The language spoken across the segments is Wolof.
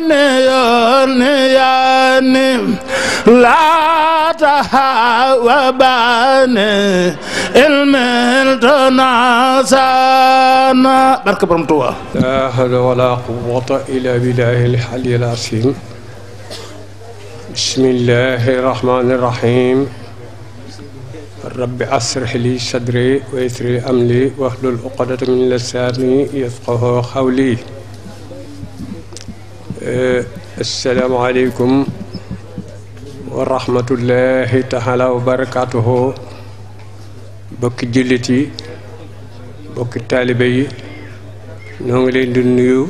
yooni yooni yooni laata wa baani ilmil tanaasana barke borom Tuuba laa hawla walaa quwwata rabbi asrah li sadri wa yassir li amri wahlul min lisaani yafqahu qawli asalaamaaleykum wa rahmatullahi taala wa barakaatuhu bokki jullit yi bokki taalibe yi ñoo ngi leen di nuyu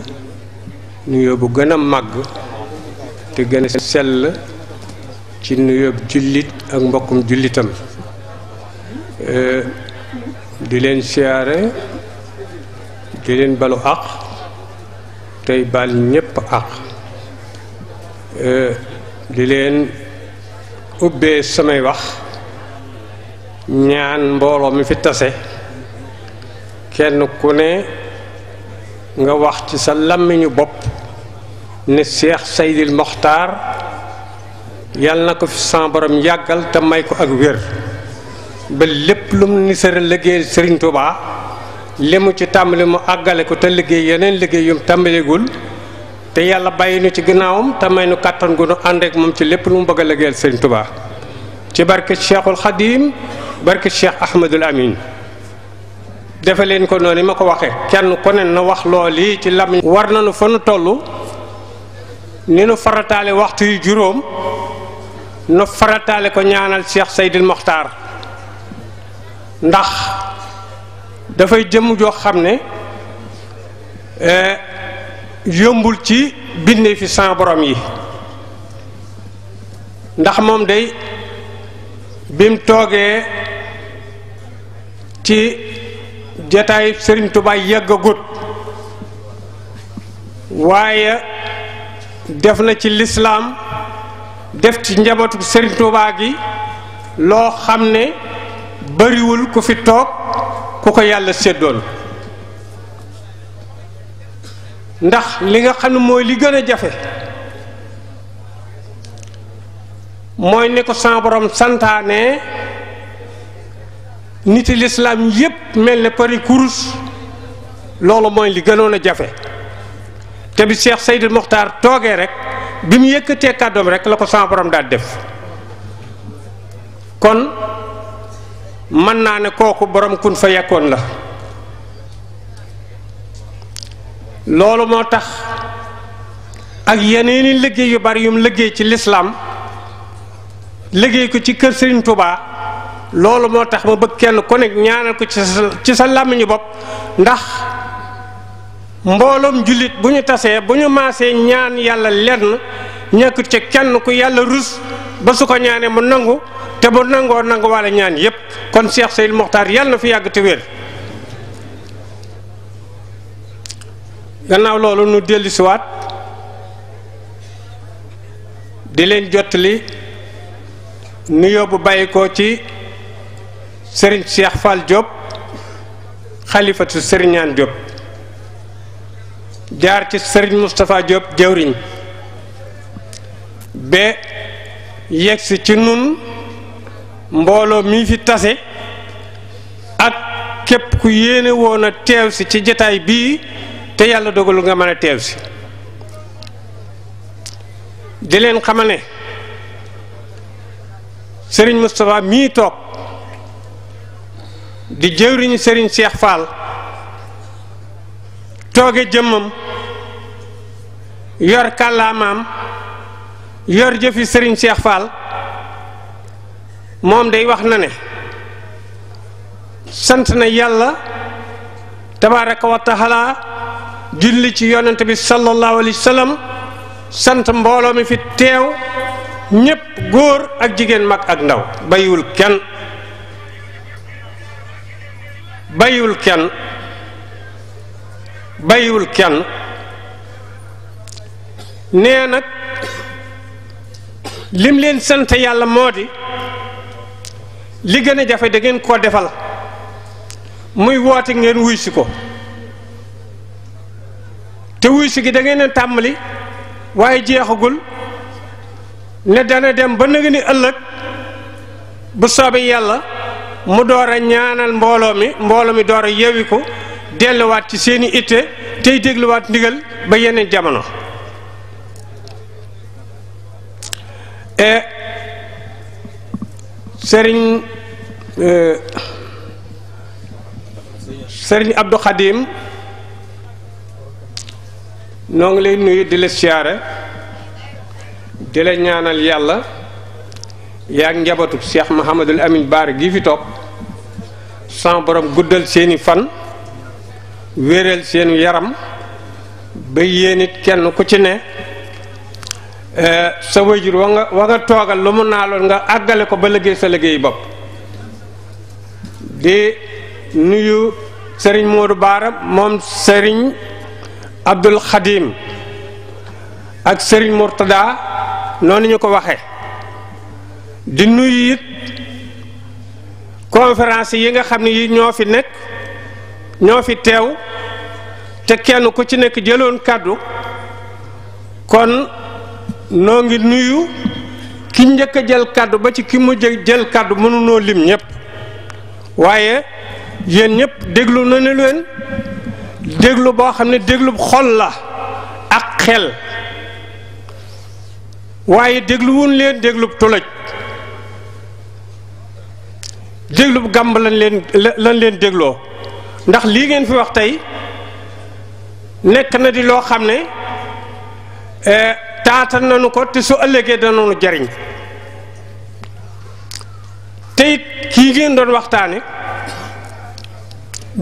nuyoo bu gën a màgg te gën a sell ci nuyoo jullit ak mbokkum jullitam di leen siyaare di leen balu àq tey bal ñépp àq di leen ubbee samay wax ñaan mbooloo mi fi tase kenn ku ne nga wax ci sa làmmiñu bopp ne Seex Seydil Moxtaar yàlla na ko fi sama yàggal te may ko ak wér ba lépp lu mu nisara liggéeyal Sëriñ Tuubaa li mu ci tàmbali mu àggale ko te liggéey yeneen liggéey yum tàmbalegul te yàlla bàyyi nu ci ginnaawam te may nu kàttan gu nu ànd ak moom ci lépp lu mu bëgg a liggéeyal sëriñ Tuubaa ci barke Cheikhul Xadim barke Cheikh Ahmadul Amin defe leen ko noonu ma ko waxee kenn ku ne na wax lool yi ci lam war nañu fa nu toll ni nu farataale waxtu yu juróom nu farataale ko ñaanal Cheikh Seydil Mokhtar ndax dafay jëmm joo xam ne. Eh, yombul ci bindee fi sans borom yi ndax moom day bim toogee ci jataay sëriñ Tuubaa yàggagut waaye def na ci lislaam def ci njabootu sëriñ Tuubaa gi loo xam ne bariwul ku fi toog ku ko yàlla séddoon ndax li nga xam ne mooy li gën a jafe mooy ne ko sama borom santaane niti lislaam yépp mel ni pari kurus loolu mooy li gënoon a jafe te bi Cheikh Seydil Mokhtar toogee rek bi mu yëkkatee kàddoom rek la ko sama borom daal def kon mën naa ne kooku borom kun fa yekkoon la loolu moo tax ak yeneeni liggéey yu bari yum liggéey ci lislaam liggéey ko ci kër Serigne tubaa loolu moo tax ma bëgg kenn ku nekk ñaanal ko ci sa ci sa làmmiñu bopp ndax mbooloom jullit bu ñu tasee bu ñu maasee ñaan yàlla lenn ñekkut ci kenn ku yàlla rus ba su ko ñaanee mu nangu te bu nangoo nangu walla ñaan yépp kon Cheikh Seydil Mokhtar yàlla na fi yàgg te wér gannaaw loolu nu dellusiwaat di leen jottali nuyoo bu bàyyi ko ci sëriñ Cheikh Fall Diop xalifatu sëriñaan Diop jaar ci sëriñ Moustapha Diop jëwriñ ba yegsi ci nun mbooloo mi fi tase ak képp ku yéene woon a teew si ci jataay bii te yàlla dogalu nga mën a teew si di leen xamal sëriñ Moustapha mii toog di jëwriñu sëriñ seex Fall tooge jëmmam yor kàllaamaam yor jëfi sëriñ Cheikh Fall moom dey wax na ne sant na yàlla tabaaraka wa taala julli ci yonent bi sallallahu alayhi wa sant mbooloo mi fi teew ñépp góor ak jigéen mag ak ndaw bàyyiwul kenn bàyyiwul kenn bàyyiwul kenn nee nag lim leen sant yàlla moo di li gën a jafe da ngeen koo defal muy woote ngeen wuy si ko te wuy si gi da ngeen a waaye jeexagul ne dana dem ba nëgë ni ëllëg bu soobee yàlla mu door a ñaanal mbooloo mi mbooloo mi door a yeewi ko delluwaat ci seeni itte tey dégluwaat ndigal ba yeneen jamono e, sëriñ e, sëriñ Abdou Khadim noo ngi lay nuyu di la siyaare di la ñaanal yàlla yaa ngi njabootu Cheikh Mouhamadul Amine Baara gi fi toog sans borom guddal seeni fan wéeral seen yaram ba yéen it kenn ku ci ne eh, sa wajur wa nga wa nga toogal lu mu naaloon nga àggale ko ba liggéey sa liggéeyu bopp di nuyu Serigne Modou Baara moom Serigne. Abdul Xadim ak sëriñ Mourtada noonu ñu ko waxe di nuyu it conférence yi nga xam ne yi ñoo fi nekk ñoo fi teew te kenn ku ci nekk jëloon kàddu kon noo ngi nuyu ki njëkk a jël kàddu ba ci ki mujj jël kàddu mënuloo lim ñëpp waaye yéen ñëpp déglu nañu leen déglu boo xam ne déglu xol la ak xel waaye dégluwuñ leen déglub tulaj déglub gàmb lañ leen dégloo ndax lii ngeen fi wax tey nekk na di loo xam ne eh, taata nañu ko te su ëllëgee danañu jariñ te it kii ngeen doon waxtaane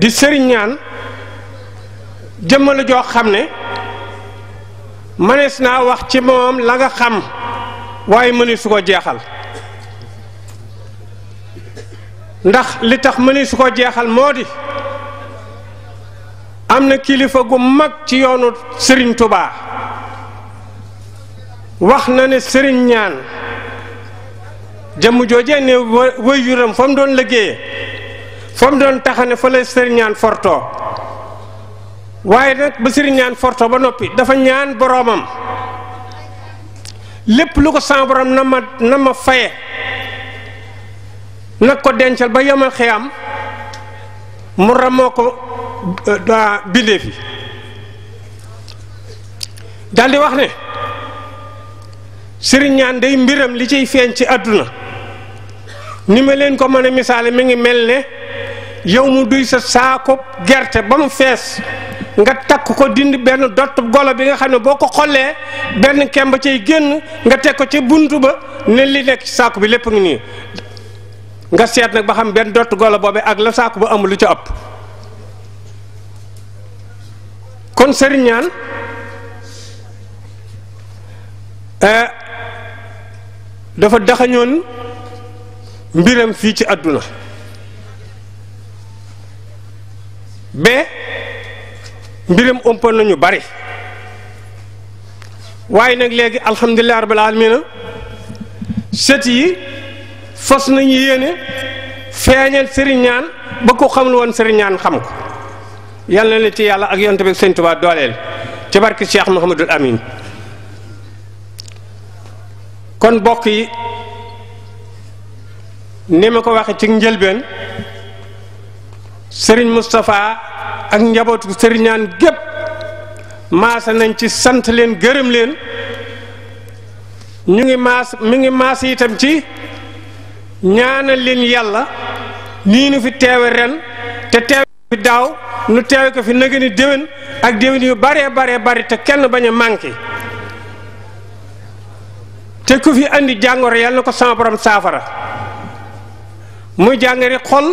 di sëriñ jëmm joo xam ne mënees naa wax ci moom la nga xam waaye mëni su ko jeexal ndax li tax mëni su ko jeexal moo di am na kilifa gu mag ci yoonu sëriñ Touba wax na ne Serigne ñaan jëmm joojee ne wëyuram fa mu doon liggéeye fa mu doon taxane fa la Serigne ñaan fortoo waaye nag ba sëriñaan ñaan forto ba noppi dafa ñaan boroomam lépp lu ko san borom na ma na ma faye nag ko dencal ba yemal xiyam mu ramoo ko euh, euh, bindee fi daldi wax ne sëriñaan ñaan day mbiram li ciy feeñ ci àdduna ni ma leen ko mën a misaale mi ngi mel ne yow mu duy sa saako gerte ba mu fees nga takk ko dindi benn dott golo bi nga xam ne boo ko xollee benn kemb ci génn nga teg ko ci buntu ba ne li nekk ci saako bi lépp ngi nii nga seet nag ba xam benn dott golo boobee ak la saako ba amul lu ca ëpp kon sëriñaan eh, dafa daxañoon mbiram fii ci àdduna be mbiram ëmpal nañu bari waaye nag léegi alhamdulilah rabbil alamina sët yi fas nañu yéene feeñal sëriñ ñaan ba ko xamul woon sëriñ ñaan xam ko yàlla na ci yàlla ak yonte bi sëñ Tuubaa dooleel ci barke Cheikh Mouhamadul Amin kon bokk yi ni ma ko waxe ci njëlbeen sëriñ Moustapha ak njabootu sëriñaan gépp maasa nañ ci sant leen gërëm leen ñu ngi maas mi ngi maas itam ci ñaana leen yàlla nii nu fi teewe ren te teewe fi daaw nu teewe ko fi nëgëni déwén ak déwén yu baree baree bari te kenn bañ a manqué te ku fi indi jàngoro yàlla na ko sama borom saafara muy jàngori xol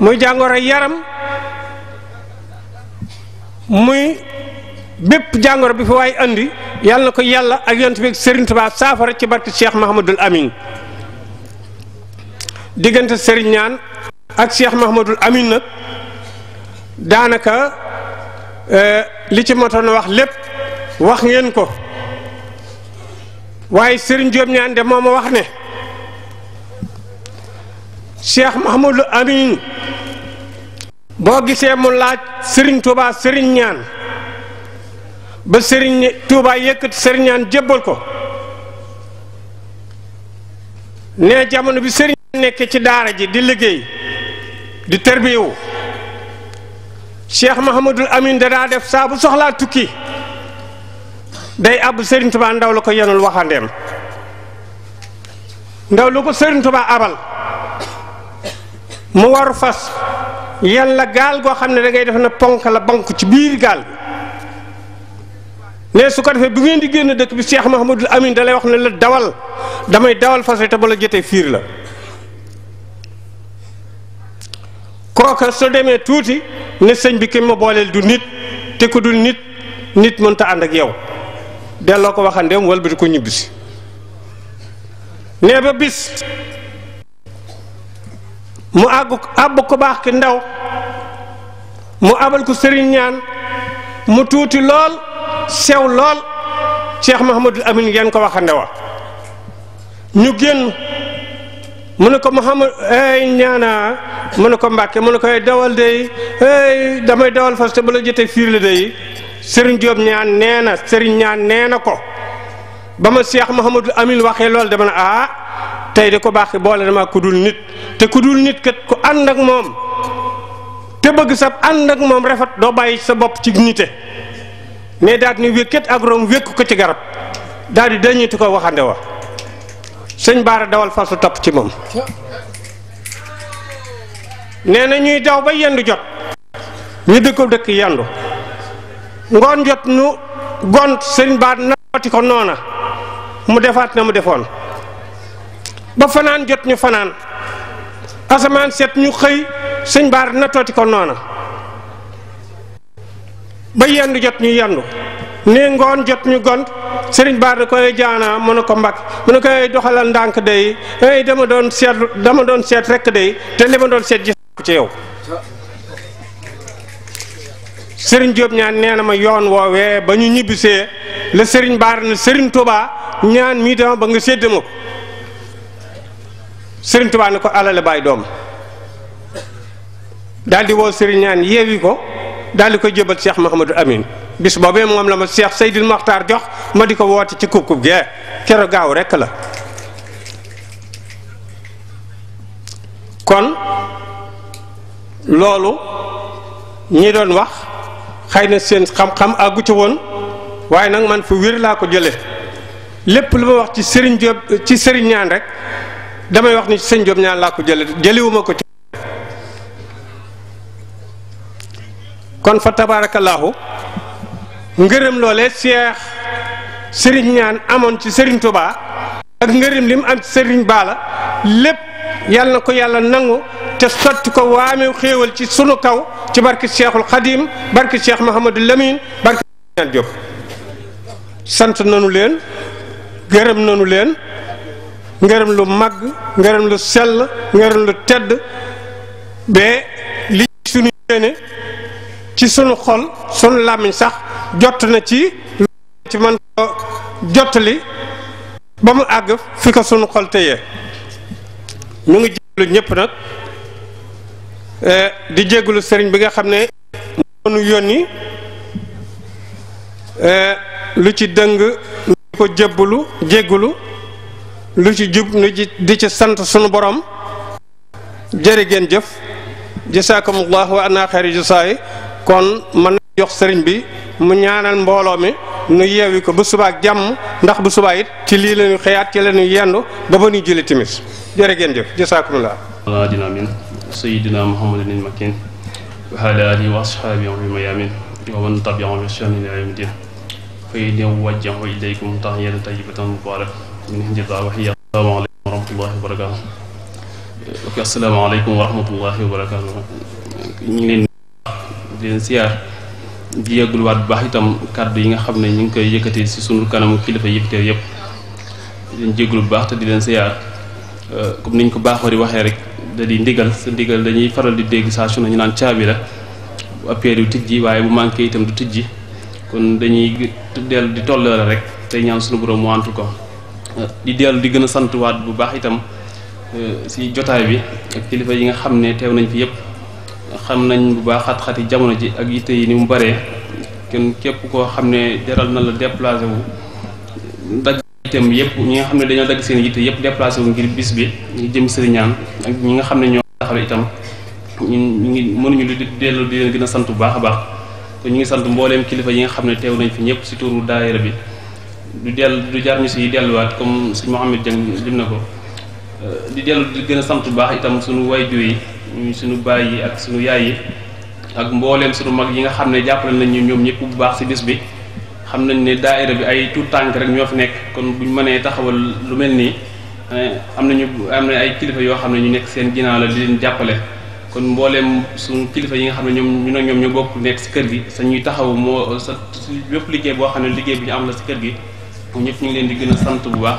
muy jàngoro yaram muy bépp jàngoro bi fa waay andi yàlla na ko yàlla ak yonent bi Serigne Touba saafara ci barke Cheikh Mahamadul Amin diggante Serigne ñaan ak Cheikh Mahamadul Amin nag daanaka euh, li ci motoon wax lépp wax ngeen ko waaye Serigne Diop ñaan de moo ma wax ne Cheikh Mahamadul Amin. boo gisee mu laaj sëriñ Touba sëriñ ñaan ba sëriñ Touba yëkkati sëriñ ñaan jébbal ko ne jamono bi sëriñ nekk ci daara ji di liggéey di tërbiyewu Cheikh Mahamadul Amin danaa def saabu soxlaa tukki day àbb sëriñ Touba ndaw la ko yenul waxandeem ndaw lu ko sëriñ Touba abal mu waru fas yàlla gaal goo xam ne da def na ponk la bank ci biir gaal bi ne su ko defee bu ngeen di génn dëkk bi Cheikh Mahamadul Amin da wax ne la dawal damay dawal fas te ba la fiir la kooka soo demee tuuti ne sëñ bi ki ma booleel du nit te ku dul nit nit mënta ànd ak yow delloo ko waxandeem wëlbati ko ñibbisi ne ba bis mu àggu àbb ku baax ki ndaw mu abal ko sëriñ ñaan mu tuuti lool sew lool cheikh mahamadul amin ngeen ko waxa ndawa ñu génn mu ne ko mahamad ay ñaana mu ne ko mbàkke mu ne koy dawal day ay damay dawal fa te ba la jotee fiir la day sëriñ Diop ñaan nee na sëriñ ñaan nee na ko ba ma cheikh mahamadul amin waxee lool dama ne ah tey de ko baax ki boole dama ku dul nit te ku dul nit kat ku ànd ak moom te bëgg sa ànd ak moom rafet doo bàyyi sa bopp ci nite mais daal ni wékkat ak rom wékk ko ci garab daal di dañitu ko waxande wa sëñ baara dawal fasu topp ci moom nee na ñuy daw ba yendu jot ñu dëkko dëkk yendu ngoon jot nu gont sëñ baar naati ko noona mu defaat na mu defoon ba fanaan jot ñu fanaan asamaan set ñu xëy sëñ baar nattooti ko noona ba yendu jot ñu yendu ne ngoon jot ñu gont sëriñ baar da koy jaana mu ne ko mbag mu ne koy doxalal ndànk day dama doon seet dama rekk day te li ma doon seet gis ci yow sëriñ Jóob ñaan nee na ma yoon woowee ba ñu ñibbisee la sëriñ baar na sëriñ Tuubaa ñaan mii dama ba nga sédd ma ko sëriñ Tuubaa na ko alale bàyyi doom daal di woo sëriñ ñaan yeewi ko daal di koy jëbal Cheikh Mouhamadou Amine bis boobee moom la ma Cheikh Seydil Maxtaar jox ma di ko woote ci kub kub gee kero gaaw rekk la kon loolu ñi doon wax xëy na seen xam-xam àggu ca woon waaye nag man fu wér laa ko jële lépp lu ma wax ci sëriñ Jóob ci sëriñ ñaan rek damay wax ni sëñ Diop ñaan laa ko jële jëliwuma ko ci kon fa tabaarakallaahu ngërëm loole seex sëriñ ñaan amoon ci sëriñ Touba ak ngërëm li mu am ci sëriñ Baala lépp yàlla na ko yàlla nangu te sotti ko waamew xéewal ci sunu kaw ci barki Cheikhul Khadim barki Cheikh Mouhamadou Lamine barki ñaan Diop sant nanu leen gërëm nanu leen ngërëm lu màgg ngërëm lu sell ngërëm lu tedd ba li sunu yéene ci sunu xol sunu làmmiñ sax jot na ci ci mën ko jottali ba mu àgg fi ko sunu xol téye ñu ngi jéggalu ñëpp nag e, di jéggalu sëriñ bi nga xam ne moonu yónni e, lu ci dëng ñu ko jébbalu jéggalu lu ci jub nu ji di ci sant sunu boroom jërë ngeen jëf jasaakumullah wa ana xayri jasaay kon mën na jox sëriñ bi mu ñaanal mbooloo mi nu yeewi ko bu subaak jàmm ndax bu subaa it ci lii la xëyaat ci la yendu ba ba ñuy jëli timis jërë ngeen jëf jasaakumullah ala dina amin sayidina muhammadin il makin wa ala alihi wa ashaabi ma yamin wa man tabiahum bi ihsaanin ila yawmi din fa idin wajjahu ilaykum tahiyatan tayyibatan mubarak min jaza wa hiya asalaamaaleykum wa rahmatullahi wa barakaatu ok asalaamaaleykum wa rahmatullahi wa barakaatu ñu ngi leen di leen siyaar di yëgul waat bu baax itam kàddu yi nga xam ne ñu ngi koy yëkkati si sunu kanam kilifa yi fi teew yëpp yëpp leen jégalu bu baax te di leen siyaar euh, comme niñ ko baaxoo di waxee rek da di ndigal sa dañuy faral di dégg saa su ne ñu naan caabi la bu appee du tijji waaye bu manqué itam du tijji kon dañuy dellu di tolloo rek tey ñaan sunu borom mu antu ko. di dellu di gën a sant waat bu baax itam euh, si jotaay bi ak kilifa yi nga xam ne teew nañ fi yëpp xam nañ bu baax xat jamono ji ak yitte yi ni mu baree képp koo xam ne jaral na la déplacé wu dagg itam yëpp ñi nga xam ne dañoo dagg seen yitte yëpp déplacé wu ngir bis bi ñu jëm sëriñaan ak ñi nga xam ne ñoo taxaw itam ñun ñu ngi mënuñu di dellu di gën sant bu baax a baax te ñu ngi sant mbooleem yi nga xam ne teew nañ fi ñëpp si turu daayira bi du dellu du jar ñu si delluwaat comme si Mouhamed Dieng lim na ko di dellu di gën a sant bu baax itam suñu way wayjur yi ñu suñu baay yi ak suñu yaay yi ak mbooleem suñu mag yi nga xam ne jàppale nañ ñu ñoom ñëpp bu baax si bi xam nañ ne daaira bi ay tuut tànk rek ñoo fi nekk kon buñ mënee taxawal lu mel nii eh, am nañu am na ay kilifa yoo xam ne ñu nekk seen ginnaaw la di leen jàppale kon mbooleem suñu kilifa yi nga xam ne ñoom ñu ne ñoom ñu bokk nekk si kër gi sa ñuy taxaw moo sa bépp liggéey boo xam ne liggéey bi ñu am la si kër gi ñoom ñëpp ñu ngi leen di gën a sant bu baax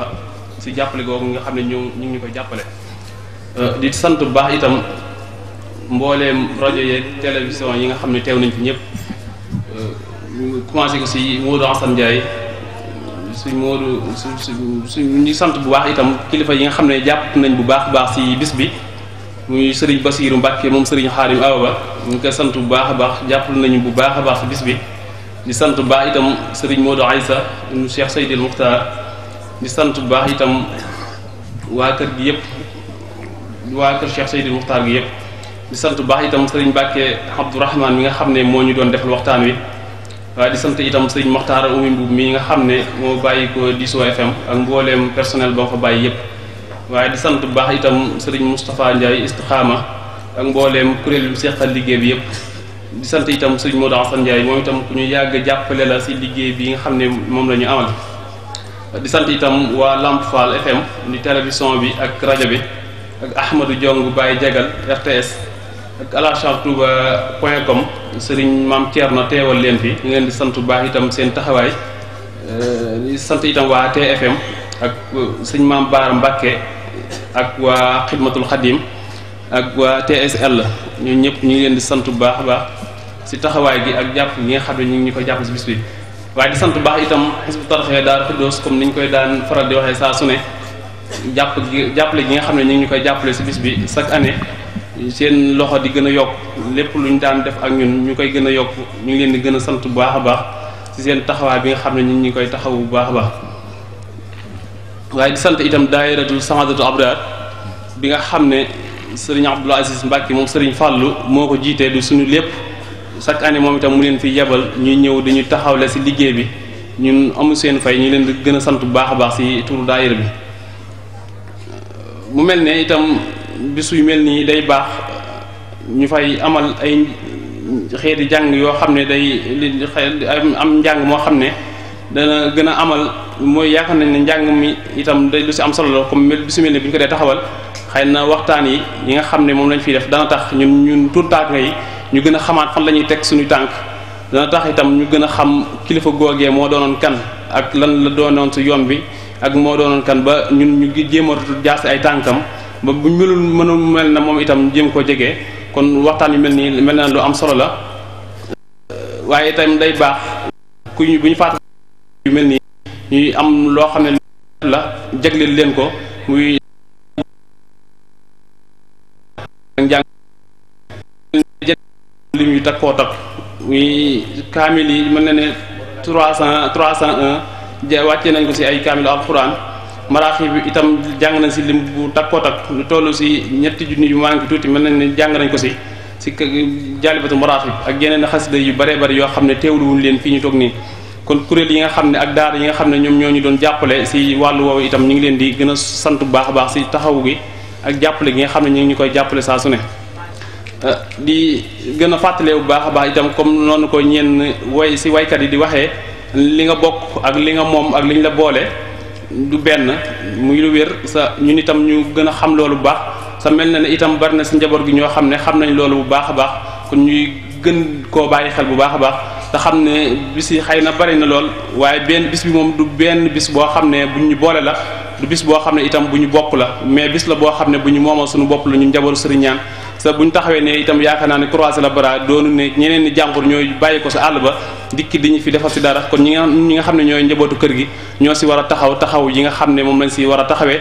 si jàppale googu nga xam ne ñu ñu ngi koy jàppale. Euh, di sant bu baax itam mbooleem rajo yeeg télévision yi nga xam ne teew nañ fi ñëpp euh, ñu commencé si Modou Assane suñ Modou suñ suñ ñu sant bu baax itam kilifa yi nga xam ne jàpp nañ bu baax baax si bis bi. muy sëriñ Basiiru Mbàkke moom sëriñ Xaarim Awa Ba ñu ngi koy sant bu baax a baax jàppal nañu bu baax a baax si bis bi. di sant baax itam sëriñ moo Modou Aïssa ibnu Cheikh Seydil Muxtaar di sant baax itam waa kër gi yëpp waa kër Cheikh Seydil Muxtaar gi yëpp di sant baax itam sëriñ Mbàkke Abdourahman mi nga xam ne moo ñu doon defal waxtaan wi waaye di sant itam sëriñ Moxtaar Oumy Mbuub mi nga xam ne moo bàyyi ko Diso FM ak mbooleem personnel ba fa bàyyi yëpp waaye di sant baax itam sëriñ Moustapha Ndiaye Istikhama ak mbooleem kuréel yu seqal liggéey bi yëpp di sant itam sëriñ Modou Assane Ndiaye moom itam ku ñu yàgg jàppale la si liggéey bi nga xam ne moom la ñu amal di sant itam waa Lamp Fall FM di télévision bi ak rajo bi ak Ahmadou Diong Baye Jagal RTS ak alachan touba point com sëriñ maam Thierno teewal leen fi ñu leen di sant bu baax itam seen taxawaay euh, di sant itam waa TFM ak sëriñ maam Baara Mbacke ak waa Xidmatul Xadim ak waa TSL ñun ñëpp ñu ngi leen di sant bu baax baax si taxawaay bi ak jàpp gi nga xam ne ñu ngi ñu koy jàpp si bis bi waaye di sant baax itam Hizbut Tarqiyyah Daaru Xuddoos comme ñu koy daan faral di waxee saa su ne jàpp gi jàppale gi nga xam ne ñu ngi ñu koy jàppale si bis bi chaque année seen loxo di gën a yokk lépp lu ñu daan def ak ñun ñu koy gën a yokk ñu ngi leen di gën a sant bu baax a baax si seen taxawaay bi nga xam ne ñu ngi koy taxaw bu baax a baax waaye di sant itam daayiratul Samadatu Abrar bi nga xam ne sëriñ Abdul Aziz Mbàkke moom sëriñ Fàllu moo ko jiitee du suñu lépp chaque année moom itam mu leen fi yebal ñuy ñëw dañuy taxawle ci liggéey bi ñun amul seen fay ñu leen di gën a sant bu baax a baax ci turu daayira bi mu mel ne itam bis mel nii day baax ñu fay amal ay xeeti jàng yoo xam ne day am njàng moo xam ne dana gën a amal mooy yaakaar nañ ne njàng mi itam day lu am solo comme mel ne bu ñu ko dee taxawal xëy na waxtaan yi ñi nga xam ne moom lañ fiy def dana tax ñun ñun tuur taaka yi ñu gën a xamaat fan la teg suñu tànk dana tax itam ñu gën a xam kilifa googee moo doonoon kan ak lan la doonoon si yoon bi ak moo doonoon kan ba ñun ñu jéem a jaasi ay tànkam ba bu ñu melul mënul mel na moom itam jéem koo jege kon waxtaan yu mel nii mel na lu am solo la waaye itam day baax ku ñu bu ñu fàttali yu mel nii ñuy am loo xam ne la jagleel leen ko muy lim yu takkoo takk muy kaamil yi mën na ne trois cent trois cent un ja wàccee nañ ko si ay kaamil alxuraan maraaxi bi itam jàng nañ si lim bu takkoo takk lu toll si ñetti junni yu manqué tuuti mën nañ ne jàng nañ ko si si jaalibatu maraaxi ak yeneen xasida yu bare bari yoo xam ne teewluwuñ leen fi ñu toog nii kon kuréel yi nga xam ne ak daara yi nga xam ne ñoom ñoo ñu doon jàppale si wàllu woowu itam ñu ngi leen di gën a sant bu baax a baax si taxaw gi ak jàppale gi nga xam ne ñu ñu koy jàppale saa su ne di gën a fàttalee bu baax a baax itam comme noonu ko ñenn way si waykat yi di waxee li nga bokk ak li nga moom ak li ñu la boole du benn muy lu wér sa ñu itam ñu gën a xam loolu bu baax sa mel na ne itam bari na si njaboot gi ñoo xam ne xam nañ loolu bu baax a baax kon ñuy gën koo bàyyi xel bu baax a baax sa xam ne bis xay na bari na lool waaye benn bis bi moom du benn bis boo xam ne bu ñu boole la du bis boo xam ne itam bu ñu bokk la mais bis la boo xam ne bu ñu moomal suñu bopp la ñu njaboot sëriñaan sa buñ taxawee ne itam yaakaar naa ne croiser la bras doonu ne ñeneen ni jàngur ñooy bàyyi ko sa àll ba dikki di ñu fi defal si dara kon ñi nga ñi nga xam ne ñooy njabootu kër gi ñoo si war a taxaw taxaw yi nga xam ne moom lañ si war a taxawee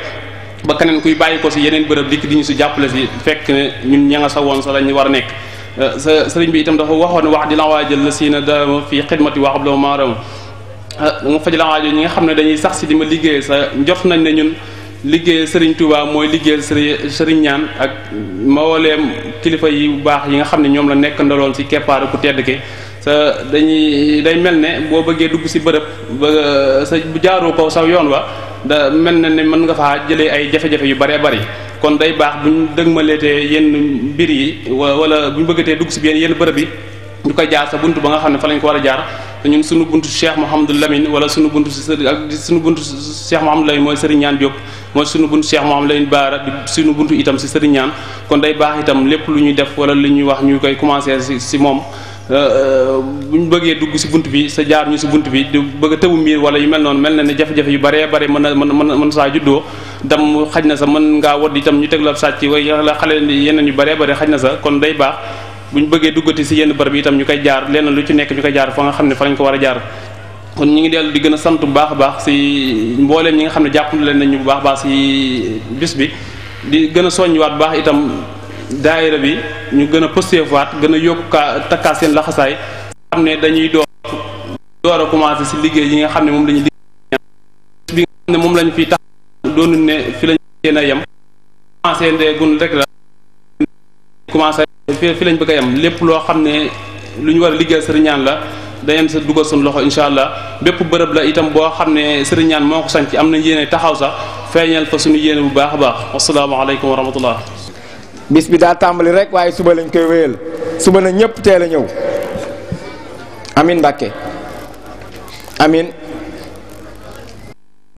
ba keneen kuy bàyyi ko si yeneen bërëb dikki di ñu si jàppale si fekk ñun ña nga sa woon sa lañ war a nekk euh, sa sëriñ bi itam dafa waxoon wax di la waajal la si na dama fii xidmati wax bu la maaram euh, mu faj la waajal ñi nga xam ne dañuy sax si di ma liggéeye sa njort nañ ne ñun liggéeyal Serigne Touba mooy liggéeyal Serigne Serigne ñaan ak mawooleem kilifa yi bu baax yi nga xam ne ñoom la nekk ndoloon ci keppaaru ku tedd ki sa dañuy day mel ne boo bëggee dugg ci bërëb ba sa jaaroo ko saw yoon wa da mel na ne mën nga faa jëlee ay jafe-jafe yu bare bëri kon day baax bu ñu dëgmaleetee yenn mbir yi wala bu ñu bëggatee dugg ci biir yenn bërëb yi ñu koy jaar sa bunt ba nga xam ne fa lañ ko war a jaar te ñun sunu buntu Cheikh Mouhamadou Lamine wala sunu buntu ak sunu buntu Cheikh Mouhamadou Lamine mooy Serigne Ñaan mooy suñu buntu Cheikh Mouhamed Lamine Bara di suñu buntu itam si sëriñ ñaan kon day baax itam lépp lu ñuy def wala lu ñuy wax ñu koy commencer si si moom euh, euh, bu ñu bëggee dugg si bunt bi sa jaar ñu si bunt bi di bëgg a tëbu miir wala yu mel noonu mel na ne jafe-jafe yu baree bare mën a mën mën mën saa juddoo dam xaj na sa mën ngaa wodd itam ñu teg la sàcc wala xale yeneen yu baree bare xaj na sa kon day baax bu ñu bëggee duggati si yenn barab yi itam ñu koy jaar lenn lu ci nekk ñu koy jaar fa nga xam ne fa ko war a kon ñu ngi dellu di gën a sant bu baax a baax si mbooleem ñi nga xam ne jàppale leen nañu bu baax a baax si bis bi di gën a soññiwaat bu baax itam daayira bi ñu gën a pësteefuwaat gën a yokk takkaat seen laxasaay xam ne dañuy door door a commencé si liggéey yi nga xam ne moom lañu liggéey bi nga moom lañu fi tax doonu ne fi lañ seen a yem commencé ndee gun rek la commencé fi lañ bëgg a yem lépp loo xam ne lu ñu war a liggéey sëriñaan la dañeen sa dugal suñu loxo incha allah bépp bërëb la itam boo xam ne sëriñ ñaan moo ko sanc am nañ yéene taxaw sax feeñal fa suñu yéene bu baax a baax asalaamaaleykum wa rahmatullah bis bi daal tàmbali rek waaye suba lañ koy wéyal suba na ñëpp teel a ñëw amin Mbàkke amin